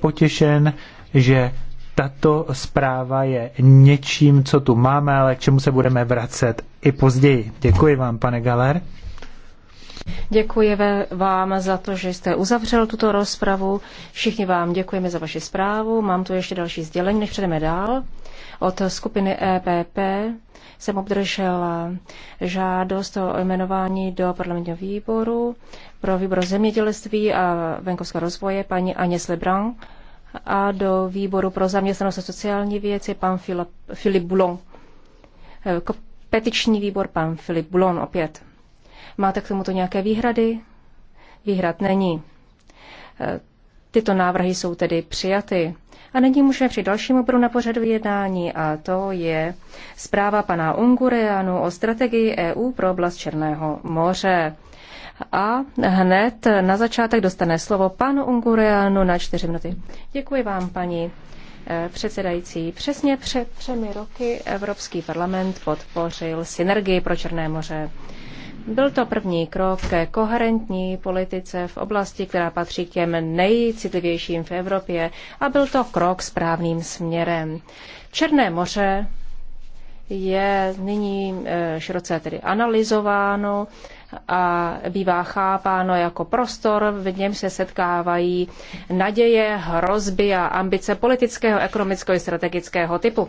potěšen, že tato zpráva je něčím, co tu máme, ale k čemu se budeme vracet i později. Děkuji vám, pane Galer. Děkuji vám za to, že jste uzavřel tuto rozpravu. Všichni vám děkujeme za vaši zprávu. Mám tu ještě další sdělení, než přejdeme dál. Od skupiny EPP jsem obdržela žádost o jmenování do parlamentního výboru pro výbor zemědělství a venkovského rozvoje paní Agnes Lebrun a do výboru pro zaměstnanost a sociální věci pan Filip Boulon. Petiční výbor pan Filip Boulon opět. Máte k tomuto nějaké výhrady? Výhrad není. E, tyto návrhy jsou tedy přijaty. A nyní můžeme při dalším obru na pořadu jednání a to je zpráva pana Ungureanu o strategii EU pro oblast Černého moře. A hned na začátek dostane slovo panu Ungureanu na čtyři minuty. Děkuji vám, paní e, předsedající. Přesně před třemi roky Evropský parlament podpořil synergii pro Černé moře. Byl to první krok ke koherentní politice v oblasti, která patří k těm nejcitlivějším v Evropě a byl to krok správným směrem. Černé moře je nyní e, široce tedy analyzováno a bývá chápáno jako prostor, v něm se setkávají naděje, hrozby a ambice politického, ekonomického i strategického typu.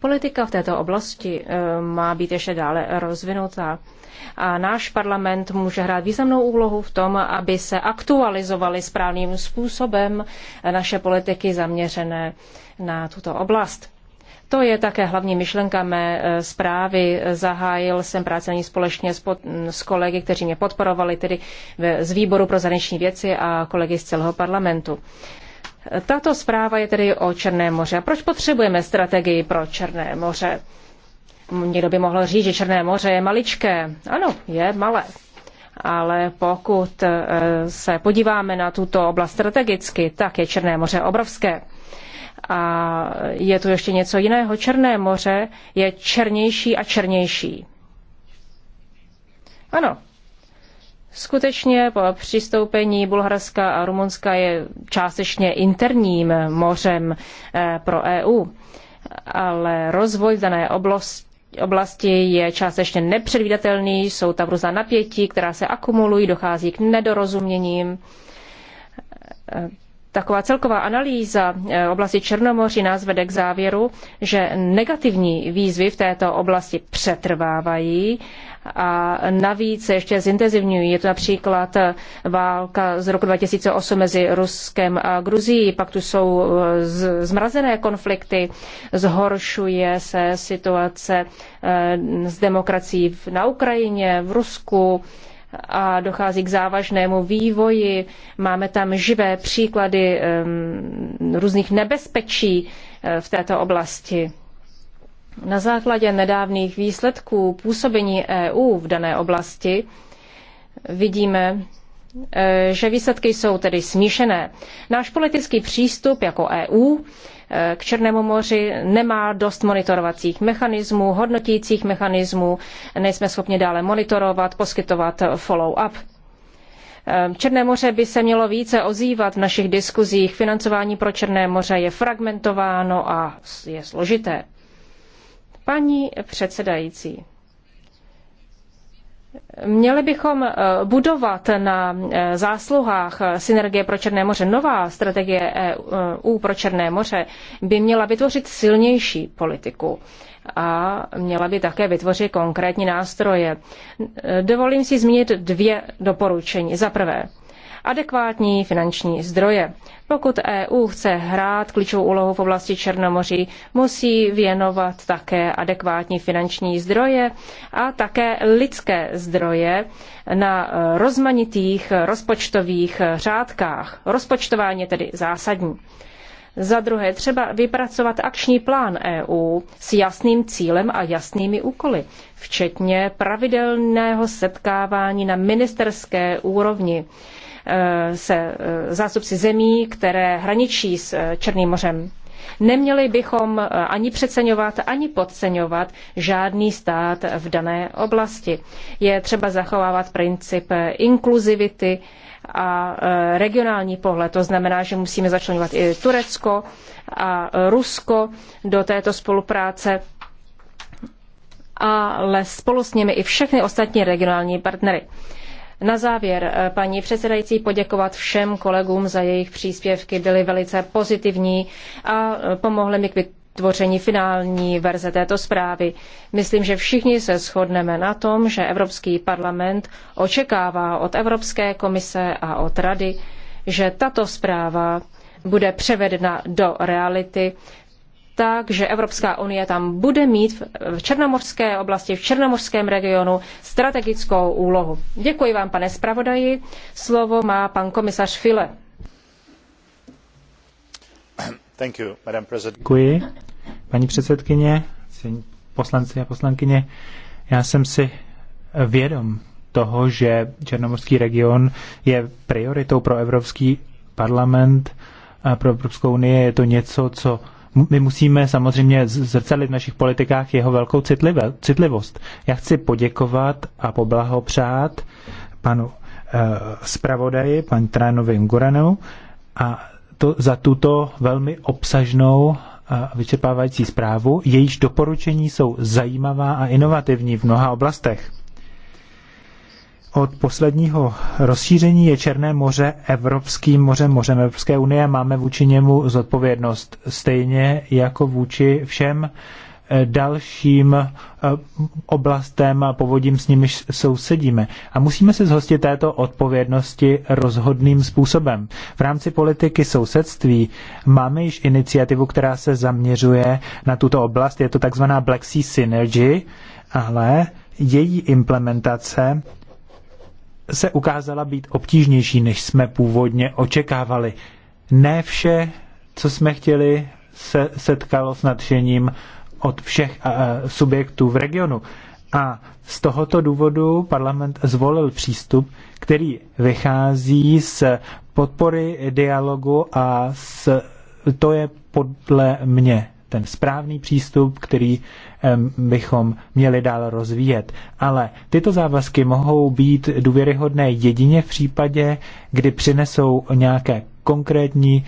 Politika v této oblasti eh, má být ještě dále rozvinutá. A náš parlament může hrát významnou úlohu v tom, aby se aktualizovaly správným způsobem naše politiky zaměřené na tuto oblast. To je také hlavní myšlenka mé eh, zprávy. Zahájil jsem práci společně s, mm, s kolegy, kteří mě podporovali, tedy z výboru pro zahraniční věci a kolegy z celého parlamentu. Tato zpráva je tedy o Černé moře. A proč potřebujeme strategii pro Černé moře? Někdo by mohl říct, že Černé moře je maličké. Ano, je malé. Ale pokud eh, se podíváme na tuto oblast strategicky, tak je Černé moře obrovské. A je tu ještě něco jiného. Černé moře je černější a černější. Ano, Skutečně po přistoupení Bulharska a Rumunska je částečně interním mořem eh, pro EU, ale rozvoj v dané oblasti je částečně nepředvídatelný, jsou tam různá napětí, která se akumulují, dochází k nedorozuměním Taková celková analýza eh, oblasti Černomoří nás vede k závěru, že negativní výzvy v této oblasti přetrvávají a navíc se ještě zintenzivňují. Je to například eh, válka z roku 2008 mezi Ruskem a Gruzií, pak tu jsou eh, zmrazené konflikty, zhoršuje se situace s demokracií na Ukrajině, v Rusku, a dochází k závažnému vývoji. Máme tam živé příklady různých nebezpečí eh, v této oblasti. Na základě nedávných výsledků působení EU v dané oblasti vidíme, eh, že výsledky jsou tedy smíšené. Náš politický přístup jako EU k Černému moři nemá dost monitorovacích mechanismů, hodnotících mechanismů, nejsme schopni dále monitorovat, poskytovat follow-up. Ehm, Černé moře by se mělo více ozývat v našich diskuzích. Financování pro Černé moře je fragmentováno a je složité. Paní předsedající, Měli bychom eh, budovat na eh, zásluhách eh, synergie pro Černé moře. Nová strategie EU pro Černé moře by měla vytvořit silnější politiku a měla by také vytvořit konkrétní nástroje. Dovolím si zmínit dvě doporučení. Za prvé, adekvátní finanční zdroje. Pokud EU chce hrát klíčovou úlohu v oblasti Černomoří, musí věnovat také adekvátní finanční zdroje a také lidské zdroje na rozmanitých rozpočtových řádkách. Rozpočtování je tedy zásadní. Za druhé, třeba vypracovat akční plán EU s jasným cílem a jasnými úkoly, včetně pravidelného setkávání na ministerské úrovni Eh, se eh, zástupci zemí, které hraničí s eh, Černým mořem. Neměli bychom ani přeceňovat, ani podceňovat žádný stát v dané oblasti. Je třeba zachovávat princip inkluzivity a regionální pohled. To znamená, že musíme začlenovat i Turecko a Rusko do této spolupráce ale spolu s nimi i všechny ostatní regionální partnery. Na závěr, eh, paní předsedající, poděkovat všem kolegům za jejich příspěvky, byly velice pozitivní a eh, pomohly mi k vytvoření finální verze této zprávy. Myslím, že všichni se shodneme na tom, že Evropský parlament očekává od Evropské komise a od Rady, že tato zpráva bude převedena do reality tak, že Evropská unie tam bude mít v černomorské oblasti, v černomorském regionu strategickou úlohu. Děkuji vám, pane zpravodaji. Slovo má pan komisař File. Děkuji, paní předsedkyně, poslanci a poslankyně. Já jsem si vědom toho, že Černomorský region je prioritou pro Evropský parlament a pro Evropskou unii. Je to něco, co my musíme samozřejmě zrcadlit v našich politikách jeho velkou citlivost. Já chci poděkovat a poblahopřát panu eh, zpravodaji, pan Tránovi Nguranu, a to za tuto velmi obsažnou a eh, vyčerpávající zprávu. Jejíž doporučení jsou zajímavá a inovativní v mnoha oblastech od posledního rozšíření je Černé moře Evropským mořem, mořem Evropské unie. Máme vůči němu zodpovědnost stejně jako vůči všem eh, dalším eh, oblastem a povodím s nimiž sousedíme. A musíme se zhostit této odpovědnosti rozhodným způsobem. V rámci politiky sousedství máme již iniciativu, která se zaměřuje na tuto oblast. Je to takzvaná Black Sea Synergy, ale její implementace se ukázala být obtížnější, než jsme původně očekávali. Ne vše, co jsme chtěli, se setkalo s nadšením od všech eh, subjektů v regionu. A z tohoto důvodu parlament zvolil přístup, který vychází z podpory dialogu a z, to je podle mě ten správný přístup, který bychom měli dál rozvíjet. Ale tyto závazky mohou být důvěryhodné jedině v případě, kdy přinesou nějaké konkrétní,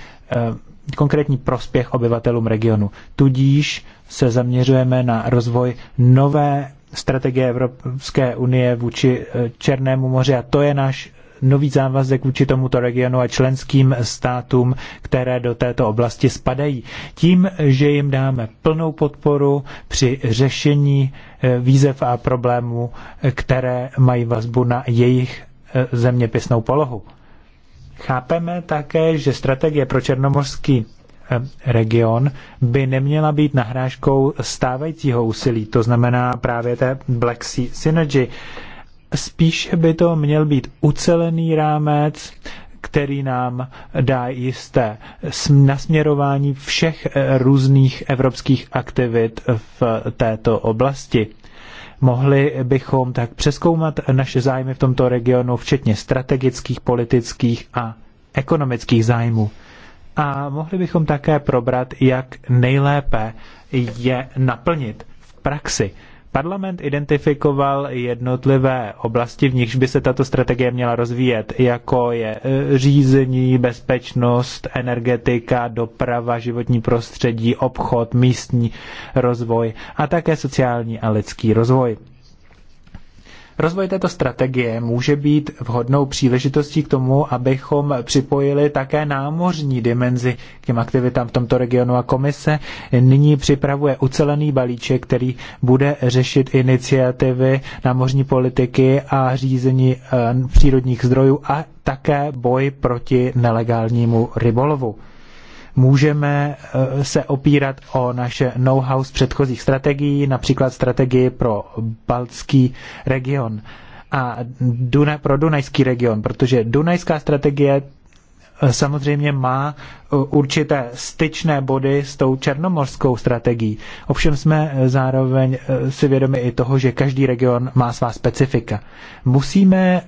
konkrétní prospěch obyvatelům regionu. Tudíž se zaměřujeme na rozvoj nové strategie Evropské unie vůči eh, Černému moři a to je náš nový závazek vůči tomuto regionu a členským státům, které do této oblasti spadají. Tím, že jim dáme plnou podporu při řešení eh, výzev a problémů, eh, které mají vazbu na jejich eh, zeměpisnou polohu. Chápeme také, že strategie pro černomorský region by neměla být nahrážkou stávajícího úsilí, to znamená právě té Black Sea Synergy, Spíše by to měl být ucelený rámec, který nám dá jisté nasměrování všech eh, různých evropských aktivit v této oblasti. Mohli bychom tak přeskoumat naše zájmy v tomto regionu, včetně strategických, politických a ekonomických zájmů. A mohli bychom také probrat, jak nejlépe je naplnit v praxi. Parlament identifikoval jednotlivé oblasti, v nichž by se tato strategie měla rozvíjet, jako je e, řízení, bezpečnost, energetika, doprava, životní prostředí, obchod, místní rozvoj a také sociální a lidský rozvoj. Rozvoj této strategie může být vhodnou příležitostí k tomu, abychom připojili také námořní dimenzi k těm aktivitám v tomto regionu a komise nyní připravuje ucelený balíček, který bude řešit iniciativy námořní politiky a řízení eh, přírodních zdrojů a také boj proti nelegálnímu rybolovu můžeme eh, se opírat o naše know-how z předchozích strategií, například strategii pro Baltský region a pro Dunajský region, protože Dunajská strategie eh, samozřejmě má eh, určité styčné body s tou černomorskou strategií. Ovšem jsme zároveň si vědomi i toho, že každý region má svá specifika. Musíme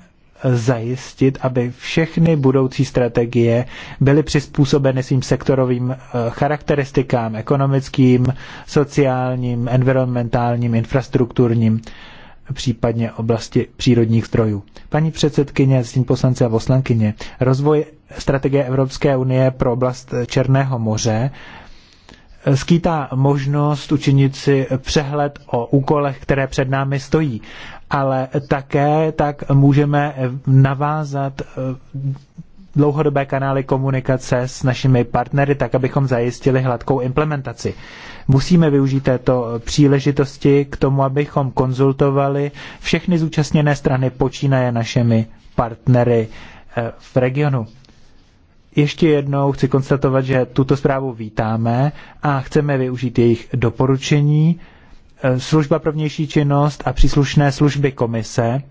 zajistit, aby všechny budoucí strategie byly přizpůsobeny svým sektorovým eh, charakteristikám, ekonomickým, sociálním, environmentálním, infrastrukturním, případně oblasti přírodních zdrojů. Paní předsedkyně, stín poslanci a poslankyně, rozvoj strategie Evropské unie pro oblast Černého moře eh, skýtá možnost učinit si přehled o úkolech, které před námi stojí ale také tak můžeme navázat eh, dlouhodobé kanály komunikace s našimi partnery, tak abychom zajistili hladkou implementaci. Musíme využít této eh, příležitosti k tomu, abychom konzultovali všechny zúčastněné strany, počínaje našimi partnery eh, v regionu. Ještě jednou chci konstatovat, že tuto zprávu vítáme a chceme využít jejich doporučení Eh, služba pro vnější činnost a příslušné služby komise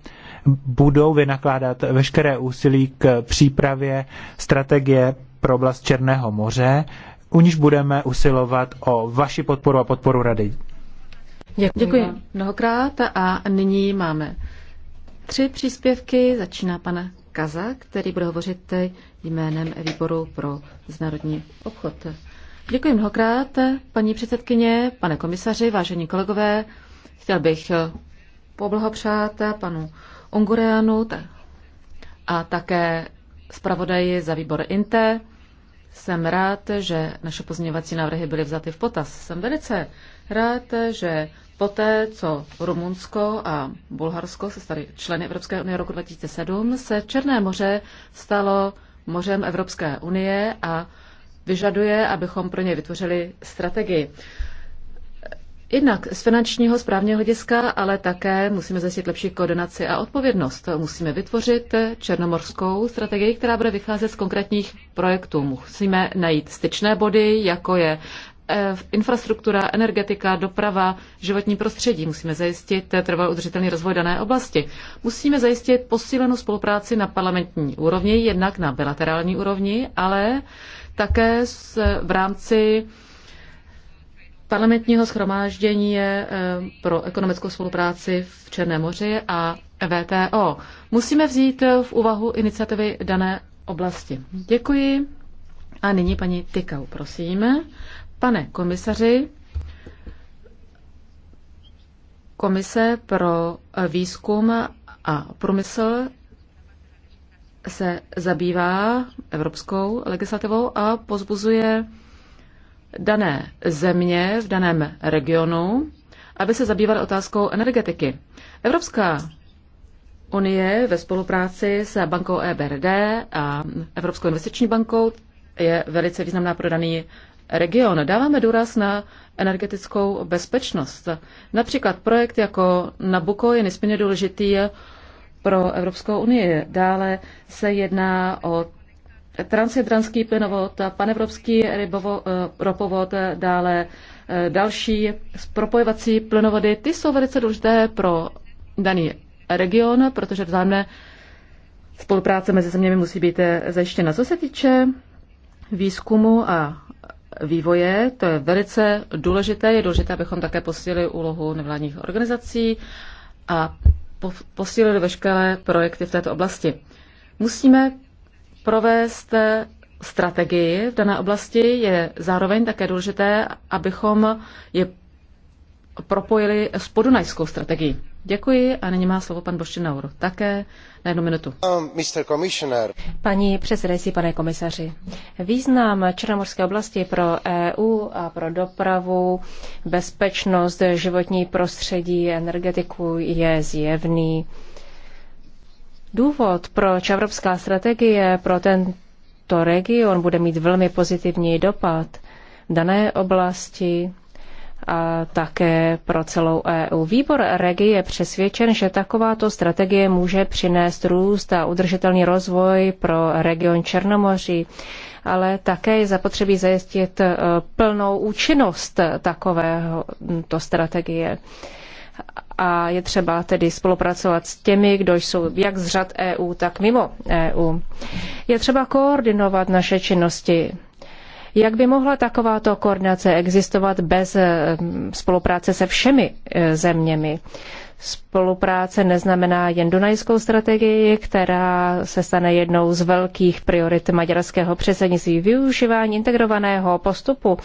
budou vynakládat veškeré úsilí k přípravě strategie pro oblast Černého moře, u níž budeme usilovat o vaši podporu a podporu Rady. Děkuji, Děkuji mnohokrát a nyní máme tři příspěvky. Začíná pan Kazak, který bude hovořit jménem výboru pro znárodní obchod. Děkuji mnohokrát, paní předsedkyně, pane komisaři, vážení kolegové. Chtěl bych poblahopřát panu Ungureanu a také zpravodaji za výbor INTE. Jsem rád, že naše pozměňovací návrhy byly vzaty v potaz. Jsem velice rád, že poté, co Rumunsko a Bulharsko se staly členy Evropské unie roku 2007, se Černé moře stalo mořem Evropské unie a vyžaduje, abychom pro ně vytvořili strategii. Jednak z finančního správního hlediska, ale také musíme zjistit lepší koordinaci a odpovědnost. Musíme vytvořit černomorskou strategii, která bude vycházet z konkrétních projektů. Musíme najít styčné body, jako je eh, infrastruktura, energetika, doprava, životní prostředí. Musíme zajistit trvalý udržitelný rozvoj dané oblasti. Musíme zajistit posílenou spolupráci na parlamentní úrovni, jednak na bilaterální úrovni, ale také v rámci parlamentního schromáždění je eh, pro ekonomickou spolupráci v Černém moři a VTO. Musíme vzít eh, v úvahu iniciativy dané oblasti. Děkuji. A nyní paní Tykau, prosím. Pane komisaři, Komise pro eh, výzkum a průmysl se zabývá evropskou legislativou a pozbuzuje dané země v daném regionu, aby se zabývaly otázkou energetiky. Evropská unie ve spolupráci s bankou EBRD a Evropskou investiční bankou je velice významná pro daný region. Dáváme důraz na energetickou bezpečnost. Například projekt jako Nabucco je nesmírně důležitý pro Evropskou unii. Dále se jedná o transhydranský plynovod, panevropský rybovo, eh, ropovod, dále eh, další propojovací plynovody. Ty jsou velice důležité pro daný region, protože vzájemné spolupráce mezi zeměmi musí být eh, zajištěna. Co se týče výzkumu a vývoje, to je velice důležité. Je důležité, abychom také posílili úlohu nevládních organizací a posílili veškeré projekty v této oblasti. Musíme provést eh, strategii v dané oblasti. Je zároveň také důležité, abychom je propojili s podunajskou strategií. Děkuji a nyní má slovo pan Boštinaur. Také na jednu minutu. Um, Paní předsedající, pane komisaři, význam Černomorské oblasti pro EU a pro dopravu, bezpečnost, životní prostředí, energetiku je zjevný. Důvod, proč evropská strategie pro tento region bude mít velmi pozitivní dopad v dané oblasti, a také pro celou EU. Výbor Regi je přesvědčen, že takováto strategie může přinést růst a udržitelný rozvoj pro region Černomoří, ale také je zapotřebí zajistit e, plnou účinnost takovéto strategie. A je třeba tedy spolupracovat s těmi, kdo jsou jak z řad EU, tak mimo EU. Je třeba koordinovat naše činnosti jak by mohla takováto koordinace existovat bez eh, spolupráce se všemi eh, zeměmi? Spolupráce neznamená jen Dunajskou strategii, která se stane jednou z velkých priorit maďarského předsednictví. Využívání integrovaného postupu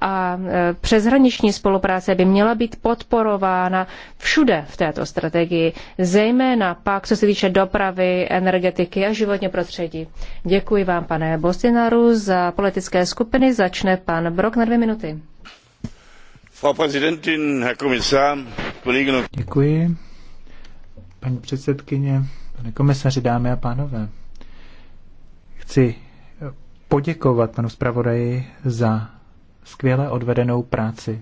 a e, přeshraniční spolupráce by měla být podporována všude v této strategii, zejména pak, co se týče dopravy, energetiky a životního prostředí. Děkuji vám, pane Bostinaru, za politické skupiny. Začne pan Brok na dvě minuty. Frau Präsidentin, Herr Kommissar, Kolleginnen und Děkuji. Paní předsedkyně, pane komisaři, dámy a pánové. Chci poděkovat panu zpravodaji za skvěle odvedenou práci.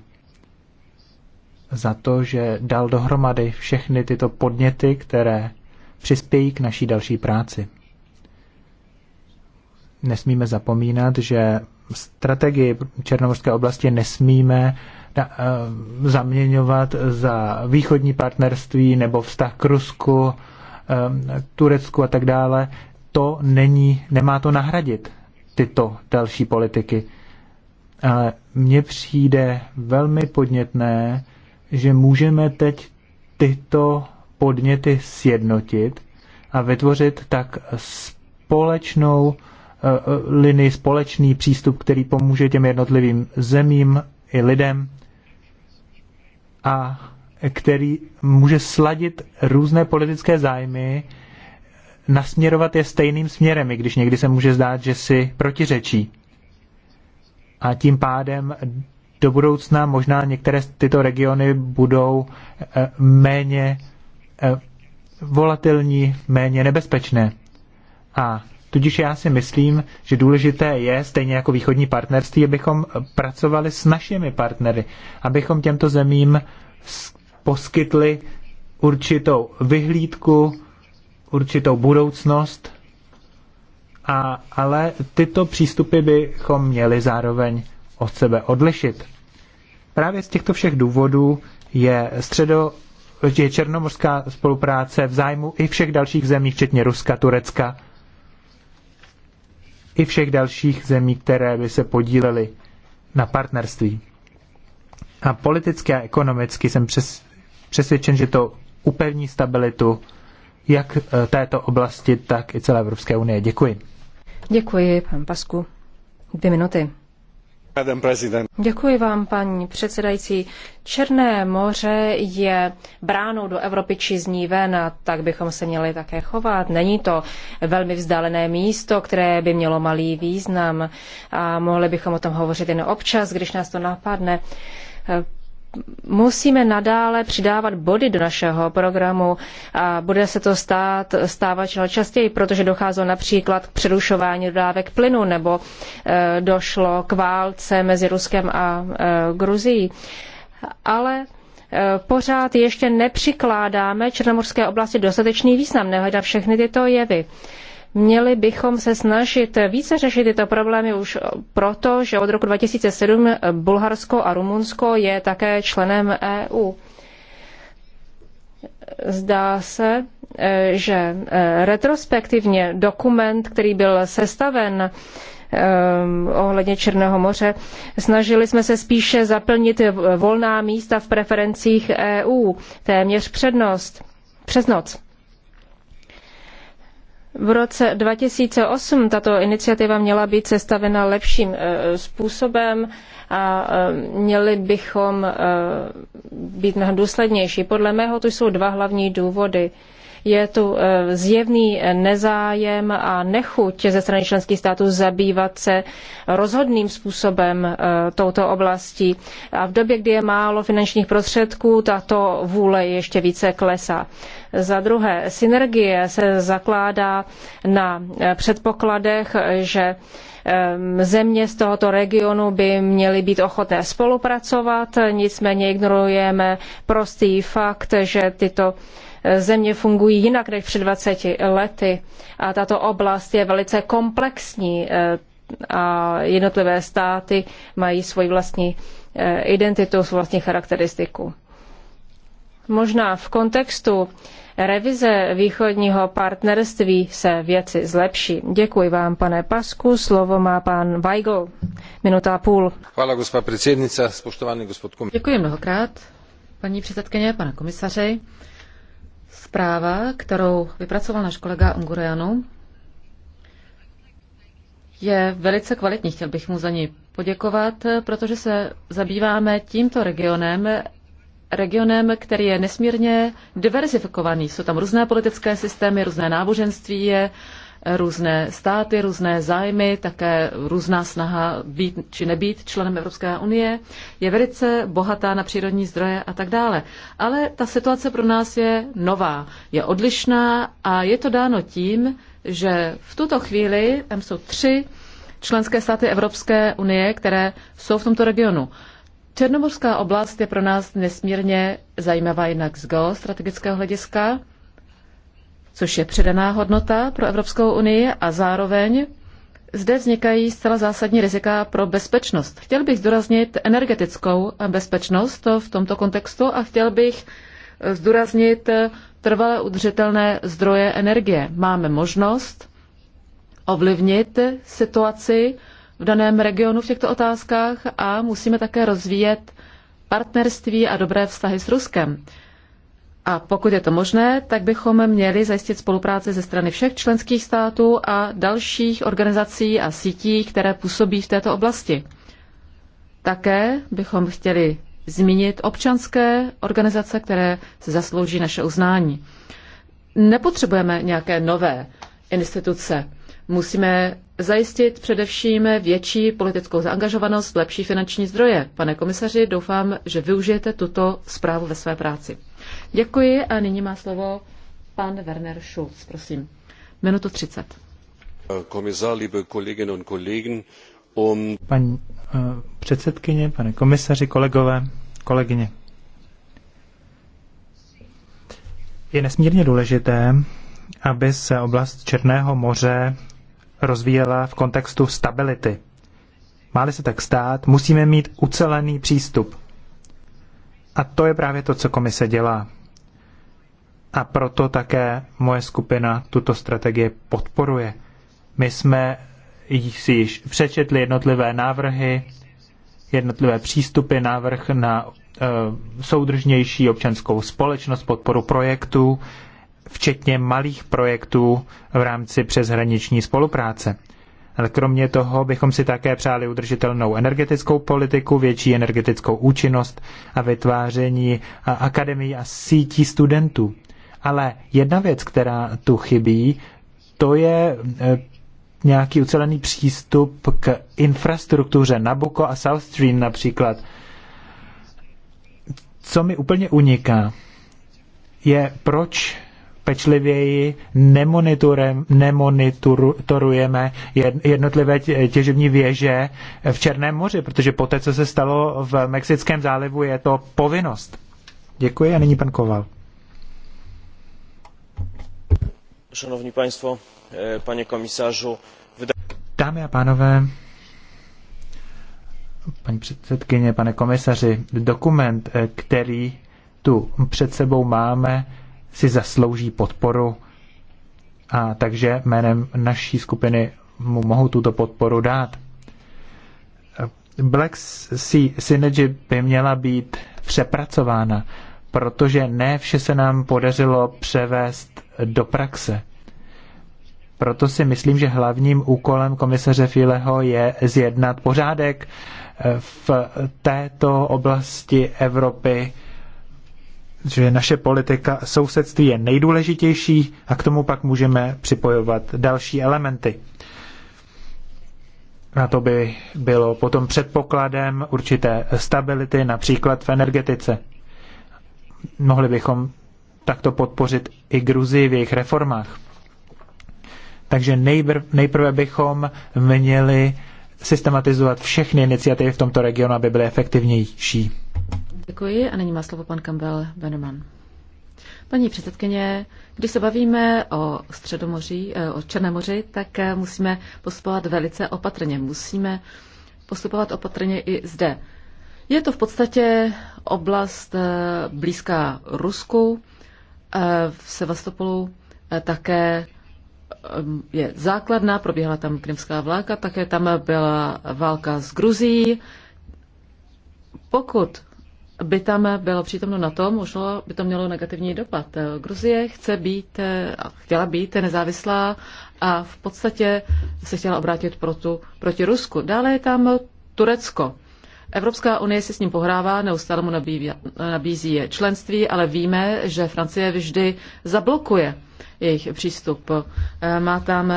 Za to, že dal dohromady všechny tyto podněty, které přispějí k naší další práci. Nesmíme zapomínat, že strategii Černomorské oblasti nesmíme Eh, zaměňovat za východní partnerství nebo vztah k Rusku, eh, Turecku a tak dále, to není, nemá to nahradit tyto další politiky. Ale mně přijde velmi podnětné, že můžeme teď tyto podněty sjednotit a vytvořit tak společnou eh, linii, společný přístup, který pomůže těm jednotlivým zemím i lidem a který může sladit různé politické zájmy, nasměrovat je stejným směrem, i když někdy se může zdát, že si protiřečí. A tím pádem do budoucna možná některé tyto regiony budou eh, méně eh, volatilní, méně nebezpečné. A Tudíž já si myslím, že důležité je, stejně jako východní partnerství, abychom pracovali s našimi partnery, abychom těmto zemím poskytli určitou vyhlídku, určitou budoucnost, a, ale tyto přístupy bychom měli zároveň od sebe odlišit. Právě z těchto všech důvodů je středo je černomorská spolupráce v zájmu i všech dalších zemí, včetně Ruska, Turecka, i všech dalších zemí, které by se podílely na partnerství. A politicky a ekonomicky jsem přes, přesvědčen, že to upevní stabilitu jak eh, této oblasti, tak i celé Evropské unie. Děkuji. Děkuji, pan Pasku. Dvě minuty. Děkuji vám, paní předsedající. Černé moře je bránou do Evropy či z ní ven a tak bychom se měli také chovat. Není to velmi vzdálené místo, které by mělo malý význam a mohli bychom o tom hovořit jen občas, když nás to napadne musíme nadále přidávat body do našeho programu a bude se to stát, stávat častěji, protože docházelo například k přerušování dodávek plynu nebo e, došlo k válce mezi Ruskem a e, Gruzií. Ale eh, pořád ještě nepřikládáme Černomorské oblasti dostatečný význam, nehledá všechny tyto jevy. E, Měli bychom se snažit více řešit tyto problémy už proto, že od roku 2007 Bulharsko a Rumunsko je také členem EU. Zdá se, e, že e, retrospektivně dokument, který byl sestaven e, ohledně Černého moře, snažili jsme se spíše zaplnit volná místa v preferencích EU, téměř přednost, přes noc. V roce 2008 tato iniciativa měla být sestavena lepším eh, způsobem a eh, měli bychom eh, být mnohem důslednější. Podle mého to jsou dva hlavní důvody. Je tu eh, zjevný eh, nezájem a nechuť ze strany členských států zabývat se rozhodným způsobem eh, touto oblastí. A v době, kdy je málo finančních prostředků, tato vůle ještě více klesá. Za druhé, synergie se zakládá na předpokladech, že země z tohoto regionu by měly být ochotné spolupracovat, nicméně ignorujeme prostý fakt, že tyto země fungují jinak než před 20 lety a tato oblast je velice komplexní eh, a jednotlivé státy mají svoji vlastní eh, identitu, svou vlastní charakteristiku. Možná v kontextu revize východního partnerství se věci zlepší. Děkuji vám, pane Pasku. Slovo má pan Weigl. Minuta a půl. Hvala, gospa předsednice, spoštovaný gospod komisař. Děkuji mnohokrát, paní předsedkyně, pane komisaři. Zpráva, kterou vypracoval náš kolega Ungurianu, je velice kvalitní. Chtěl bych mu za ní poděkovat, protože se zabýváme tímto regionem, regionem, který je nesmírně diverzifikovaný. Jsou tam různé politické systémy, různé náboženství, je, různé státy, různé zájmy, také různá snaha být či nebýt členem Evropské unie, je velice bohatá na přírodní zdroje a tak dále. Ale ta situace pro nás je nová, je odlišná a je to dáno tím, že v tuto chvíli tam jsou tři členské státy Evropské unie, které jsou v tomto regionu. Černomorská oblast je pro nás nesmírně zajímavá jinak z geostrategického hlediska, což je předaná hodnota pro Evropskou unii a zároveň zde vznikají zcela zásadní rizika pro bezpečnost. Chtěl bych zdůraznit energetickou bezpečnost v tomto kontextu a chtěl bych zdůraznit trvalé udržitelné zdroje energie. Máme možnost ovlivnit situaci v daném regionu v těchto otázkách a musíme také rozvíjet partnerství a dobré vztahy s Ruskem. A pokud je to možné, tak bychom měli zajistit spolupráci ze strany všech členských států a dalších organizací a sítí, které působí v této oblasti. Také bychom chtěli zmínit občanské organizace, které se zaslouží naše uznání. Nepotřebujeme nějaké nové instituce. Musíme zajistit především větší politickou zaangažovanost, lepší finanční zdroje. Pane komisaři, doufám, že využijete tuto zprávu ve své práci. Děkuji a nyní má slovo pan Werner Schulz, prosím. Minutu 30. Komisar, liebe Kolleginnen und Kollegen, um... Paní uh, eh, předsedkyně, pane komisaři, kolegové, kolegyně. Je nesmírně důležité, aby se oblast Černého moře rozvíjela v kontextu stability. Máli se tak stát, musíme mít ucelený přístup. A to je právě to, co komise dělá a proto také moje skupina tuto strategii podporuje. My jsme si již přečetli jednotlivé návrhy, jednotlivé přístupy, návrh na uh, soudržnější občanskou společnost, podporu projektů, včetně malých projektů v rámci přeshraniční spolupráce. Ale kromě toho bychom si také přáli udržitelnou energetickou politiku, větší energetickou účinnost a vytváření akademie a sítí studentů. Ale jedna věc, která tu chybí, to je eh, nějaký ucelený přístup k infrastruktuře Nabucco a South Stream například. Co mi úplně uniká, je proč pečlivěji nemonitorujeme jednotlivé těžební věže v Černém moři, protože poté, co se stalo v Mexickém zálivu, je to povinnost. Děkuji a nyní pan Koval. Szanowni Państwo, e, panie komisarzu. Dámy a pánové, paní předsedkyně, pane komisaři, dokument, e, který tu před sebou máme, si zaslouží podporu a takže jménem naší skupiny mu mohu tuto podporu dát. E, Black sea Synergy by měla být přepracována, protože ne vše se nám podařilo převést do praxe. Proto si myslím, že hlavním úkolem komisaře Fileho je zjednat pořádek eh, v této oblasti Evropy, že naše politika sousedství je nejdůležitější a k tomu pak můžeme připojovat další elementy. A to by bylo potom předpokladem určité stability, například v energetice. Mohli bychom takto podpořit i Gruzii v jejich reformách. Takže nejprve bychom měli systematizovat všechny iniciativy v tomto regionu, aby byly efektivnější. Děkuji a nyní má slovo pan Campbell Bennerman. Paní předsedkyně, když se bavíme o Středomoří, eh, o moři, tak eh, musíme postupovat velice opatrně. Musíme postupovat opatrně i zde. Je to v podstatě oblast eh, blízká Rusku, v Sevastopolu také um, je základna, probíhala tam krymská vláka, také tam byla válka s Gruzií. Pokud by tam bylo přítomno na tom, možná by to mělo negativní dopad. Gruzie chce být, chtěla být nezávislá a v podstatě se chtěla obrátit proti Rusku. Dále je tam Turecko. Evropská unie se s ním pohrává, neustále mu nabíví, nabízí členství, ale víme, že Francie vždy zablokuje jejich přístup. Eh, má tam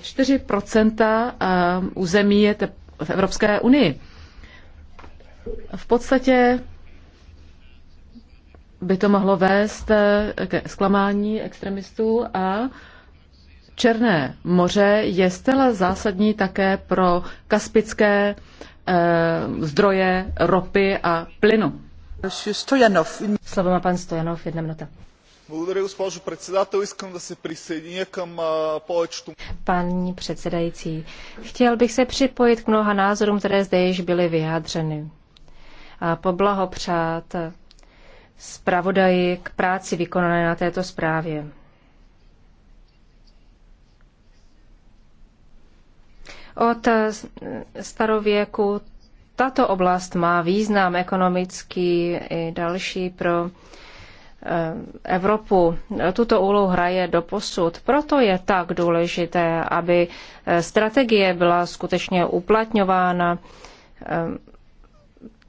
4 eh, eh, území v Evropské unii. V podstatě by to mohlo vést ke zklamání extremistů a Černé moře je zcela zásadní také pro kaspické Eh, zdroje ropy a plynu. Stojanov. Slovo má pan Stojanov, jedna minuta. Благодаря, госпожо председател. Искам да се присъединя към повечето. Paní předsedající, chtěl bych se připojit k mnoha názorům, které zde již byly vyjádřeny. A poblahopřát zpravodaji k práci vykonané na této zprávě. Od starověku tato oblast má význam ekonomický i další pro eh, Evropu. Tuto úlohu hraje do posud. Proto je tak důležité, aby eh, strategie byla skutečně uplatňována. Eh,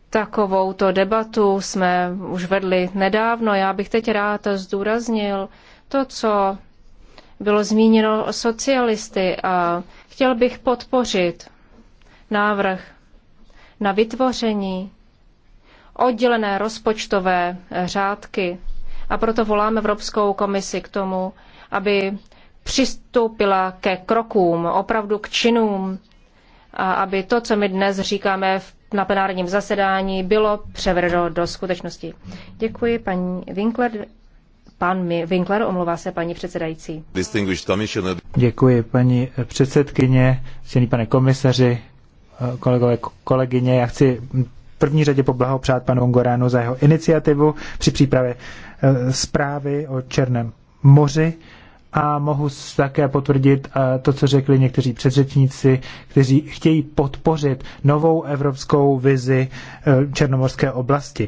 takovouto debatu jsme už vedli nedávno. Já bych teď rád zdůraznil to, co bylo zmíněno socialisty a chtěl bych podpořit návrh na vytvoření oddělené rozpočtové řádky. A proto volám Evropskou komisi k tomu, aby přistoupila ke krokům, opravdu k činům, a aby to, co my dnes říkáme na plenárním zasedání, bylo převedeno do skutečnosti. Děkuji paní Winkler. Pan Winkler, omlouvá se paní předsedající. Děkuji, paní předsedkyně, silný pane komisaři, kolegové, kolegyně. Já chci v první řadě poblahopřát panu Ungoránu za jeho iniciativu při přípravě eh, zprávy o Černém moři. A mohu také potvrdit eh, to, co řekli někteří předřečníci, kteří chtějí podpořit novou evropskou vizi eh, Černomorské oblasti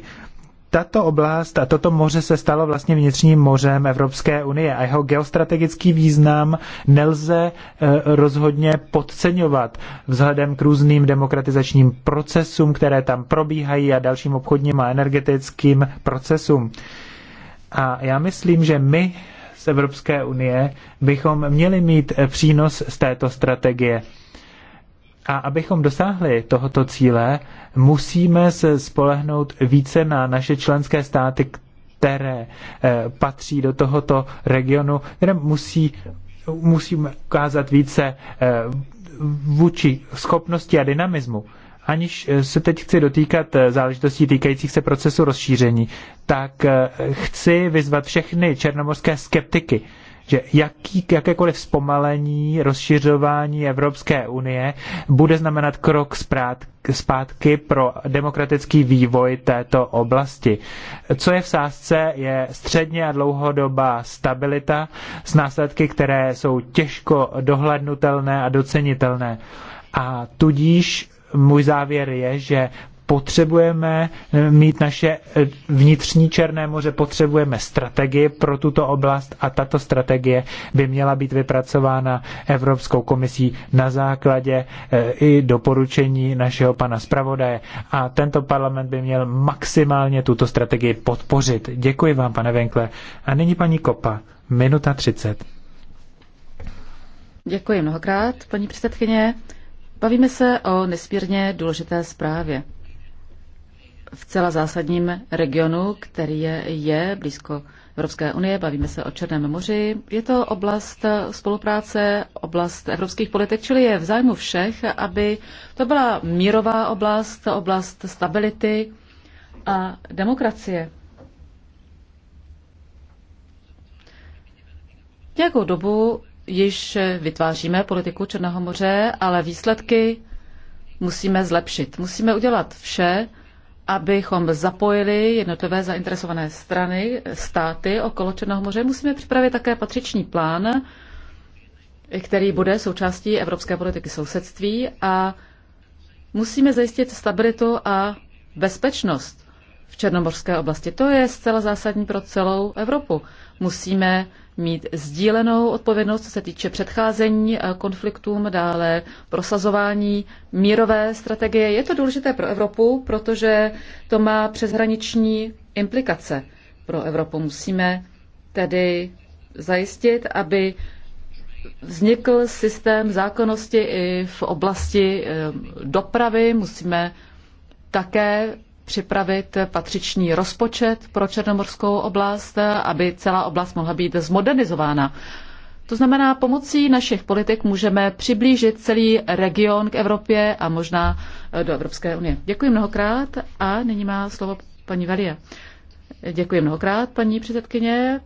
tato oblast a toto moře se stalo vlastně vnitřním mořem Evropské unie a jeho geostrategický význam nelze e, rozhodně podceňovat vzhledem k různým demokratizačním procesům, které tam probíhají a dalším obchodním a energetickým procesům. A já myslím, že my z Evropské unie bychom měli mít přínos z této strategie. A abychom dosáhli tohoto cíle, musíme se spolehnout více na naše členské státy, které eh, patří do tohoto regionu, které musí, musíme ukázat více eh, vůči schopnosti a dynamismu. Aniž eh, se teď chci dotýkat záležitostí týkajících se procesu rozšíření, tak chci vyzvat všechny černomorské skeptiky, že jaký, jakékoliv zpomalení rozšiřování Evropské unie bude znamenat krok zprát, zpátky pro demokratický vývoj této oblasti. Co je v sázce, je středně a dlouhodobá stabilita s následky, které jsou těžko dohlednutelné a docenitelné. A tudíž můj závěr je, že potřebujeme eh, mít naše eh, vnitřní Černé moře, potřebujeme strategii pro tuto oblast a tato strategie by měla být vypracována Evropskou komisí na základě eh, i doporučení našeho pana zpravodaje a tento parlament by měl maximálně tuto strategii podpořit. Děkuji vám, pane Venkle. A nyní paní Kopa, minuta 30. Děkuji mnohokrát, paní předsedkyně. Bavíme se o nesmírně důležité zprávě v celá zásadním regionu, který je, je blízko Evropské unie, bavíme se o Černém moři. Je to oblast spolupráce, oblast evropských politik, čili je v zájmu všech, aby to byla mírová oblast, oblast stability a demokracie. Nějakou dobu již vytváříme politiku Černého moře, ale výsledky musíme zlepšit. Musíme udělat vše, abychom zapojili jednotlivé zainteresované strany, státy okolo Černého moře, musíme připravit také patřičný plán, který bude součástí evropské politiky sousedství a musíme zajistit stabilitu a bezpečnost v černomorské oblasti. To je zcela zásadní pro celou Evropu. Musíme mít sdílenou odpovědnost, co se týče předcházení eh, konfliktům, dále prosazování mírové strategie. Je to důležité pro Evropu, protože to má přeshraniční implikace pro Evropu. Musíme tedy zajistit, aby vznikl systém zákonnosti i v oblasti eh, dopravy. Musíme také připravit patřičný rozpočet pro Černomorskou oblast, aby celá oblast mohla být zmodernizována. To znamená, pomocí našich politik můžeme přiblížit celý region k Evropě a možná eh, do Evropské unie. Děkuji mnohokrát a nyní má slovo paní Valie. Děkuji mnohokrát, paní předsedkyně,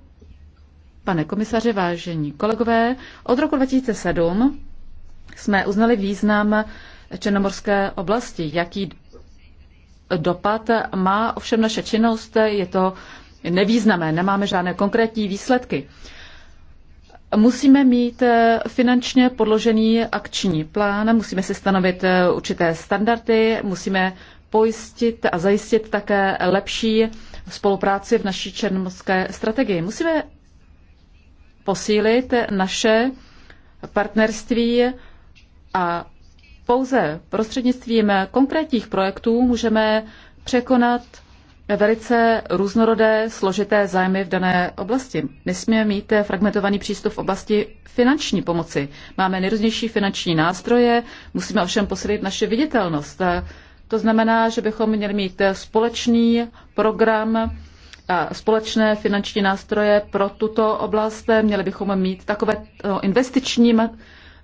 pane komisaři, vážení kolegové. Od roku 2007 jsme uznali význam Černomorské oblasti, jaký dopad má ovšem naše činnost, je to nevýznamné, nemáme žádné konkrétní výsledky. Musíme mít eh, finančně podložený akční plán, musíme si stanovit eh, určité standardy, musíme pojistit a zajistit také lepší spolupráci v naší černomorské strategii. Musíme posílit naše partnerství a pouze prostřednictvím konkrétních projektů můžeme překonat velice různorodé, složité zájmy v dané oblasti. Nesmíme mít fragmentovaný přístup v oblasti finanční pomoci. Máme nejrůznější finanční nástroje, musíme ovšem posilit naše viditelnost. To znamená, že bychom měli mít společný program a společné finanční nástroje pro tuto oblast. Měli bychom mít takové investiční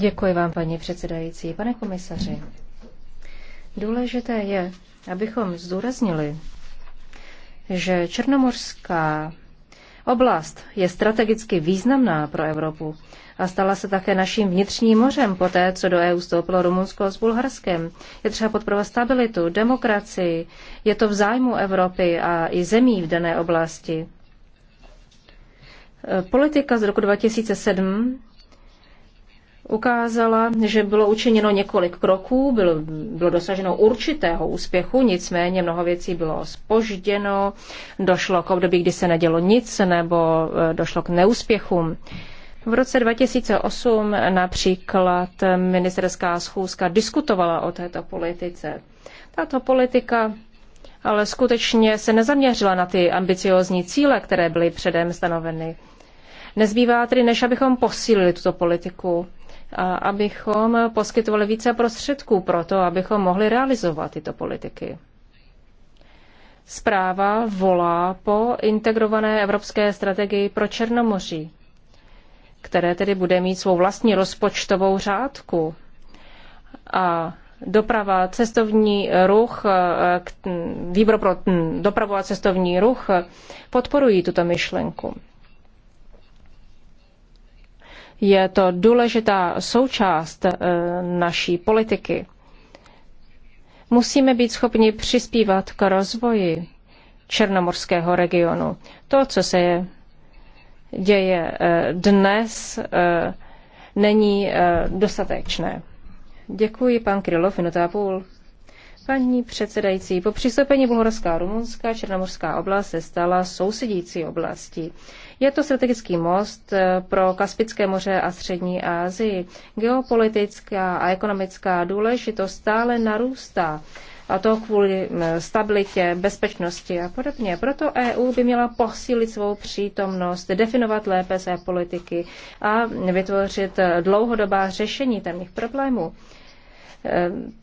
Děkuji vám, paní předsedající. Pane komisaři, důležité je, abychom zdůraznili, že černomorská oblast je strategicky významná pro Evropu a stala se také naším vnitřním mořem poté, co do EU vstoupilo Rumunsko s Bulharskem. Je třeba podporovat stabilitu, demokracii, je to v zájmu Evropy a i zemí v dané oblasti. Politika z roku 2007 ukázala, že bylo učiněno několik kroků, bylo, bylo dosaženo určitého úspěchu, nicméně mnoho věcí bylo spožděno, došlo k období, kdy se nedělo nic nebo e, došlo k neúspěchům. V roce 2008 například ministerská schůzka diskutovala o této politice. Tato politika ale skutečně se nezaměřila na ty ambiciozní cíle, které byly předem stanoveny. Nezbývá tedy, než abychom posílili tuto politiku abychom poskytovali více prostředků pro to, abychom mohli realizovat tyto politiky. Zpráva volá po integrované evropské strategii pro Černomoří, které tedy bude mít svou vlastní rozpočtovou řádku. A doprava, cestovní ruch, e, výbor pro dopravu a cestovní ruch podporují tuto myšlenku. Je to důležitá součást eh, naší politiky. Musíme být schopni přispívat k rozvoji černomorského regionu. To, co se děje eh, dnes, eh, není dostatečné. Děkuji, pan Krylov, minuta půl. Paní předsedající, po přistoupení Bulhorská Rumunská Černomorská oblast se stala sousedící oblastí. Je to strategický most eh, pro Kaspické moře a Střední Asii. Geopolitická a ekonomická důležitost stále narůstá a to kvůli eh, stabilitě, bezpečnosti a podobně. Proto EU by měla posílit svou přítomnost, definovat lépe své politiky a vytvořit eh, dlouhodobá řešení tamních problémů.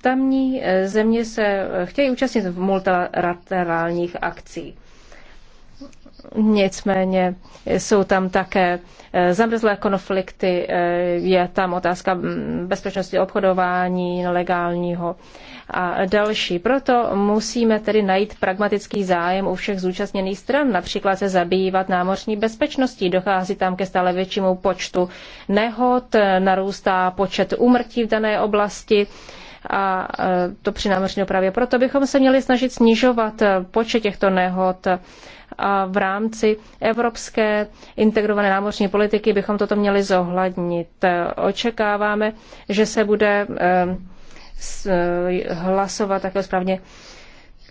Tamní země se chtějí účastnit v multilaterálních akcích. Nicméně jsou tam také eh, zamrzlé konflikty, eh, je tam otázka mm, bezpečnosti obchodování, nelegálního a další. Proto musíme tedy najít pragmatický zájem u všech zúčastněných stran, například se zabývat námořní bezpečností. Dochází tam ke stále většímu počtu nehod, eh, narůstá počet úmrtí v dané oblasti a to při námořní dopravě. Proto bychom se měli snažit snižovat počet těchto nehod a v rámci evropské integrované námořní politiky bychom toto měli zohlednit. Očekáváme, že se bude eh, eh, hlasovat také správně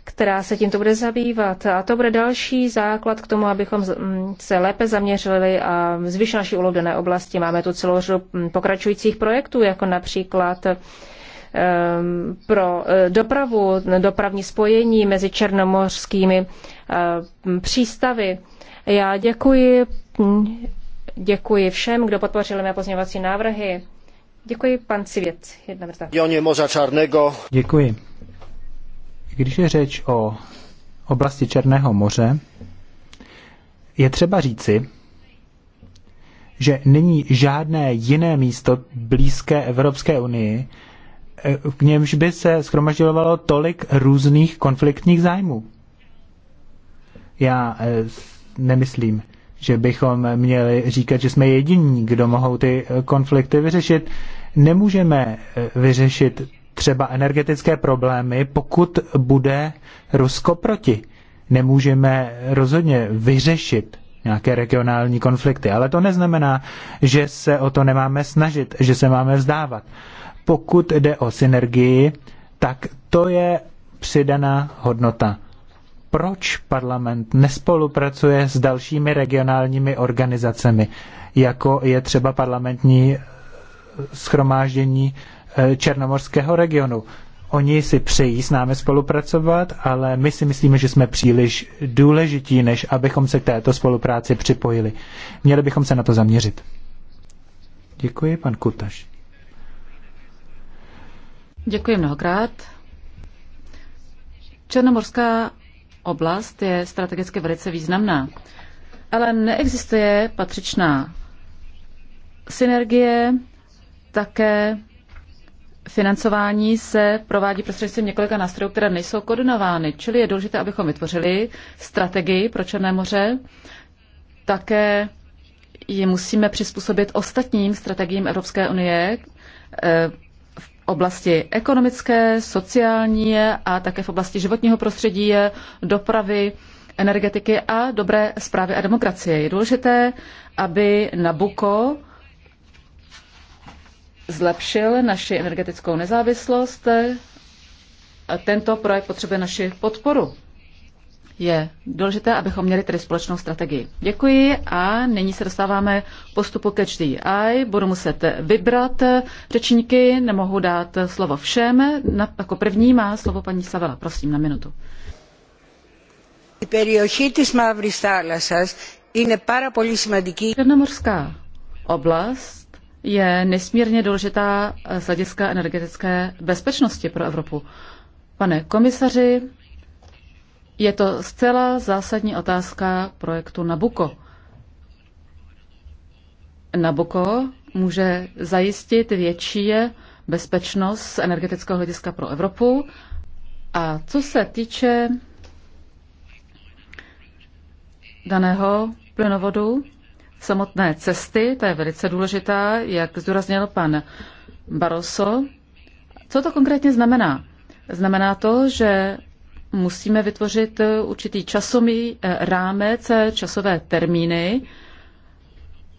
která se tímto bude zabývat. A to bude další základ k tomu, abychom mm, se lépe zaměřili a zvyšili naši úlohu v dané oblasti. Máme tu celou řadu mm, pokračujících projektů, jako například Ehm, pro eh, dopravu, dopravní spojení mezi černomorskými ehm, přístavy. Já děkuji, hm, děkuji všem, kdo podpořili mé pozměňovací návrhy. Děkuji, pan Civět. Jedna vrta. Joně Moza Děkuji. Když je řeč o oblasti Černého moře, je třeba říci, že není žádné jiné místo blízké Evropské unii, Eh, k němž by se schromažďovalo tolik různých konfliktních zájmů. Já eh, nemyslím, že bychom měli říkat, že jsme jediní, kdo mohou ty eh, konflikty vyřešit. Nemůžeme vyřešit třeba energetické problémy, pokud bude Rusko proti. Nemůžeme rozhodně vyřešit nějaké regionální konflikty. Ale to neznamená, že se o to nemáme snažit, že se máme vzdávat. Pokud jde o synergii, tak to je přidaná hodnota. Proč parlament nespolupracuje s dalšími regionálními organizacemi, jako je třeba parlamentní schromáždění eh, Černomorského regionu? Oni si přejí s námi spolupracovat, ale my si myslíme, že jsme příliš důležití, než abychom se k této spolupráci připojili. Měli bychom se na to zaměřit. Děkuji, pan Kutaš. Děkuji mnohokrát. Černomorská oblast je strategicky velice významná, ale neexistuje patřičná synergie, také financování se provádí prostřednictvím několika nástrojů, které nejsou koordinovány. Čili je důležité, abychom vytvořili strategii pro Černé moře. Také ji musíme přizpůsobit ostatním strategiím Evropské unie eh, v oblasti ekonomické, sociální a také v oblasti životního prostředí, dopravy, energetiky a dobré zprávy a demokracie. Je důležité, aby Nabuko zlepšil naši energetickou nezávislost. Tento projekt potřebuje naši podporu. Je důležité, abychom měli tedy společnou strategii. Děkuji a nyní se dostáváme postupu ke HDI. Budu muset vybrat řečníky, nemohu dát slovo všem. Na, jako první má slovo paní Savela, prosím, na minutu. Černomorská oblast je nesmírně důležitá z hlediska energetické bezpečnosti pro Evropu. Pane komisaři, je to zcela zásadní otázka projektu Nabuko. Nabuko může zajistit větší bezpečnost z energetického hlediska pro Evropu. A co se týče daného plynovodu, samotné cesty, to je velice důležitá, jak zdůraznil pan Barroso. Co to konkrétně znamená? Znamená to, že musíme vytvořit určitý časový eh, rámec, eh, časové termíny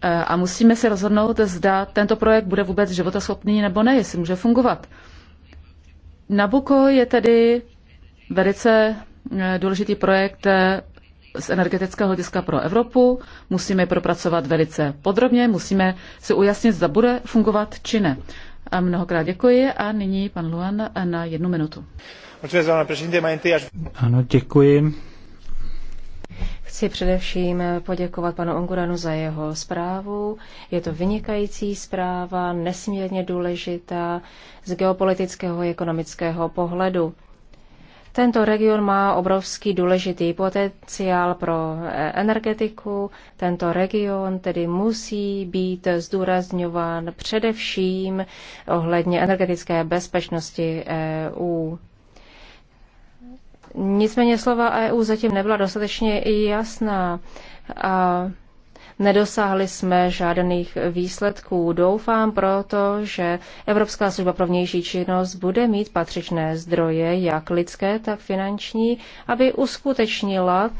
eh, a musíme si rozhodnout, zda tento projekt bude vůbec životaschopný nebo ne, jestli může fungovat. Nabuko je tedy velice důležitý projekt z energetického hlediska pro Evropu, musíme je propracovat velice podrobně, musíme si ujasnit, zda bude fungovat či ne. A mnohokrát děkuji a nyní pan Luan na jednu minutu. Ano, děkuji. Chci především poděkovat panu Onguranu za jeho zprávu. Je to vynikající zpráva, nesmírně důležitá z geopolitického a ekonomického pohledu. Tento region má obrovský důležitý potenciál pro eh, energetiku. Tento region tedy musí být zdůrazňován především ohledně energetické bezpečnosti EU. Nicméně slova EU zatím nebyla dostatečně jasná. A Nedosáhli jsme žádných výsledků. Doufám proto, že Evropská služba pro vnější činnost bude mít patřičné zdroje, jak lidské, tak finanční, aby uskutečnila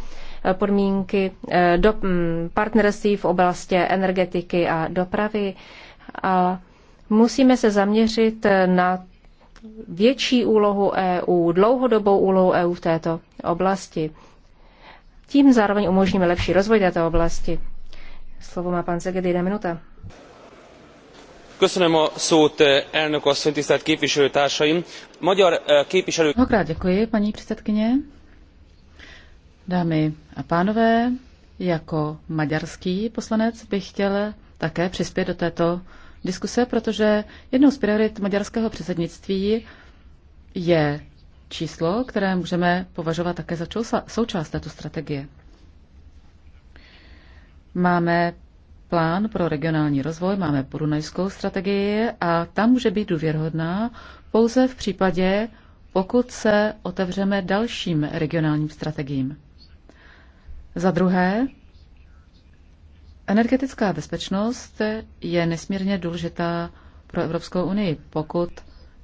eh, podmínky eh, do mm, partnerství v oblasti energetiky a dopravy. A musíme se zaměřit eh, na větší úlohu EU, dlouhodobou úlohu EU v této oblasti. Tím zároveň umožníme lepší rozvoj této oblasti. Slovo má pan Zeged, jedna minuta. Köszönöm a szót, eh, elnök asszony, tisztelt képviselőtársaim. Magyar eh, képviselő... Mnohokrát děkuji, paní předsedkyně. Dámy a pánové, jako maďarský poslanec bych chtěl také přispět do této diskuse, protože jednou z priorit maďarského předsednictví je číslo, které můžeme považovat také za součást této strategie. Máme plán pro regionální rozvoj, máme podunajskou strategii a ta může být důvěrhodná pouze v případě, pokud se otevřeme dalším regionálním strategiím. Za druhé, energetická bezpečnost je nesmírně důležitá pro Evropskou unii, pokud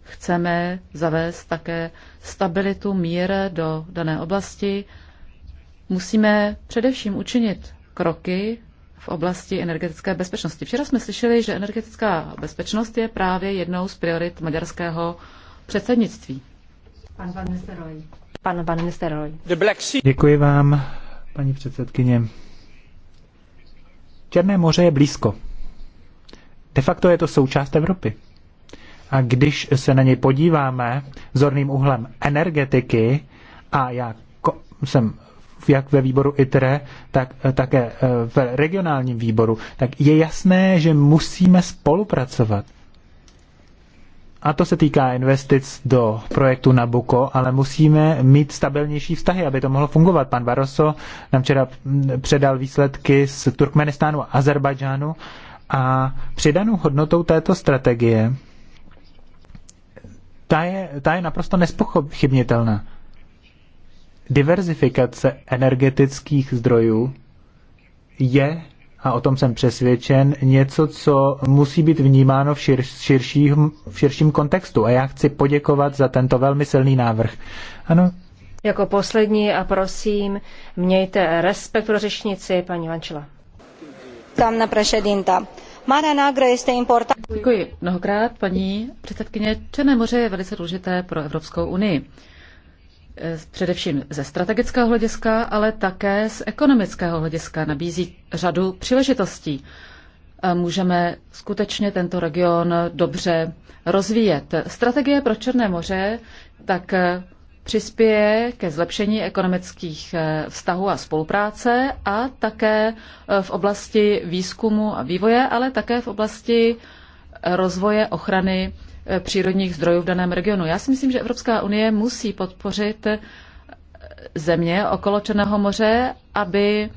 chceme zavést také stabilitu, mír do dané oblasti, musíme především učinit kroky v oblasti energetické bezpečnosti. Včera jsme slyšeli, že energetická bezpečnost je právě jednou z priorit maďarského předsednictví. Pan Van Nistelrooy. Pan Van Nistelrooy. Děkuji vám, paní předsedkyně. Černé moře je blízko. De facto je to součást Evropy. A když se na něj podíváme zorným úhlem energetiky, a já jsem jak ve výboru ITRE, tak eh, také eh, v regionálním výboru, tak je jasné, že musíme spolupracovat. A to se týká investic do projektu Nabuko, ale musíme mít stabilnější vztahy, aby to mohlo fungovat. Pan Barroso nám včera mm, předal výsledky z Turkmenistánu a Azerbajdžánu a přidanou hodnotou této strategie ta je, ta je naprosto nespochybnitelná diverzifikace energetických zdrojů je, a o tom jsem přesvědčen, něco, co musí být vnímáno v, šir, širším, v širším kontextu. A já chci poděkovat za tento velmi silný návrh. Ano. Jako poslední a prosím, mějte respekt pro řešnici, paní Vančila. Doamna președinta, Marea Neagră este importa. Děkuji mnohokrát, paní předsedkyně. Černé moře je velice důležité pro Evropskou unii. Eh, především ze strategického hlediska, ale také z ekonomického hlediska nabízí řadu příležitostí. Můžeme skutečně tento region dobře rozvíjet. Strategie pro Černé moře tak eh, přispěje ke zlepšení ekonomických eh, vztahů a spolupráce a také v oblasti výzkumu a vývoje, ale také v oblasti rozvoje ochrany Eh, přírodních zdrojů v daném regionu. Já si myslím, že Evropská unie musí podpořit eh, země okolo Černého moře, aby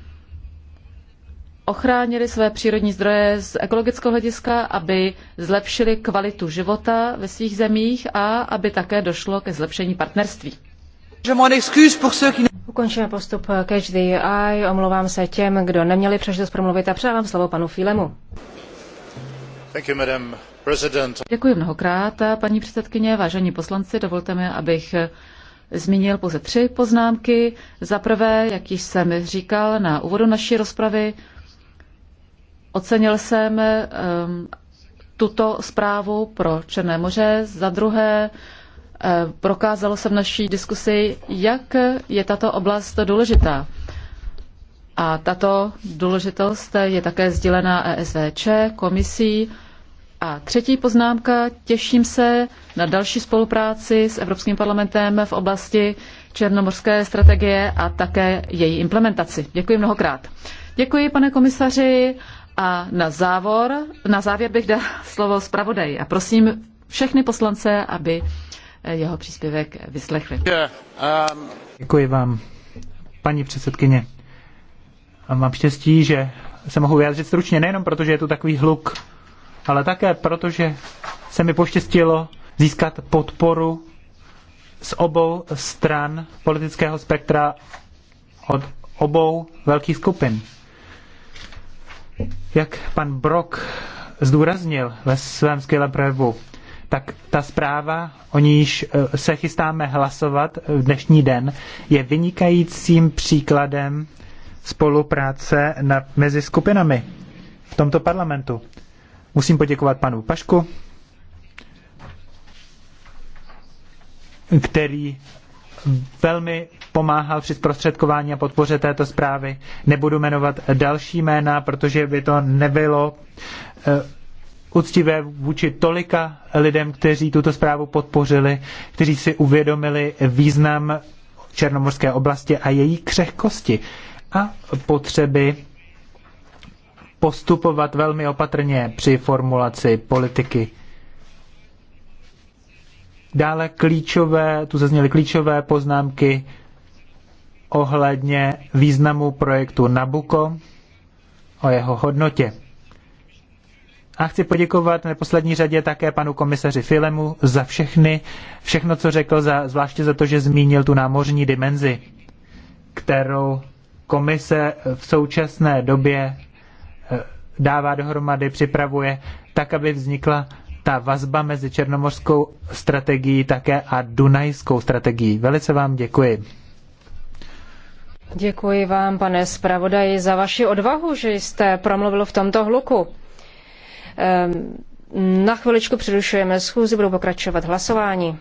ochránili své přírodní zdroje z ekologického hlediska, aby zlepšili kvalitu života ve svých zemích a aby také došlo ke zlepšení partnerství. Ukončíme postup Catch the Eye. Omlouvám se těm, kdo neměli příležitost promluvit a předávám slovo panu Filemu. Thank you, madam Děkuji mnohokrát, paní předsedkyně, vážení poslanci. Dovolte mi, abych zmínil pouze tři poznámky. Za prvé, jak již jsem říkal na úvodu naší rozpravy, ocenil jsem um, tuto zprávu pro Černé moře. Za druhé, ehm, prokázalo se v naší diskusi, jak je tato oblast důležitá. A tato důležitost je také sdělena ESVČ, komisí, a třetí poznámka, těším se na další spolupráci s Evropským parlamentem v oblasti černomorské strategie a také její implementaci. Děkuji mnohokrát. Děkuji, pane komisaři. A na, závor, na závěr bych dal slovo zpravodaji a prosím všechny poslance, aby jeho příspěvek vyslechli. Um, Děkuji vám, paní předsedkyně. A mám štěstí, že se mohu vyjádřit stručně, nejenom protože je tu takový hluk ale také proto, že se mi poštěstilo získat podporu z obou stran politického spektra od obou velkých skupin. Jak pan Brok zdůraznil ve svém skvělém projevu, tak ta zpráva, o níž eh, se chystáme hlasovat v dnešní den, je vynikajícím příkladem spolupráce mezi skupinami v tomto parlamentu. Musím poděkovat panu Pašku, který velmi pomáhal při zprostředkování a podpoře této zprávy. Nebudu jmenovat další jména, protože by to nebylo eh, uctivé vůči tolika lidem, kteří tuto zprávu podpořili, kteří si uvědomili význam Černomorské oblasti a její křehkosti a potřeby postupovat velmi opatrně při formulaci politiky. Dále klíčové, tu zazněly klíčové poznámky ohledně významu projektu Nabuko o jeho hodnotě. A chci poděkovat na neposlední řadě také panu komisaři Filemu za všechny, všechno, co řekl, za, zvláště za to, že zmínil tu námořní dimenzi, kterou komise v současné době dává dohromady, připravuje, tak, aby vznikla ta vazba mezi černomorskou strategií také a dunajskou strategií. Velice vám děkuji. Děkuji vám, pane zpravodaji, za vaši odvahu, že jste promluvil v tomto hluku. Ehm, na chviličku přerušujeme schůzi, budou pokračovat hlasování.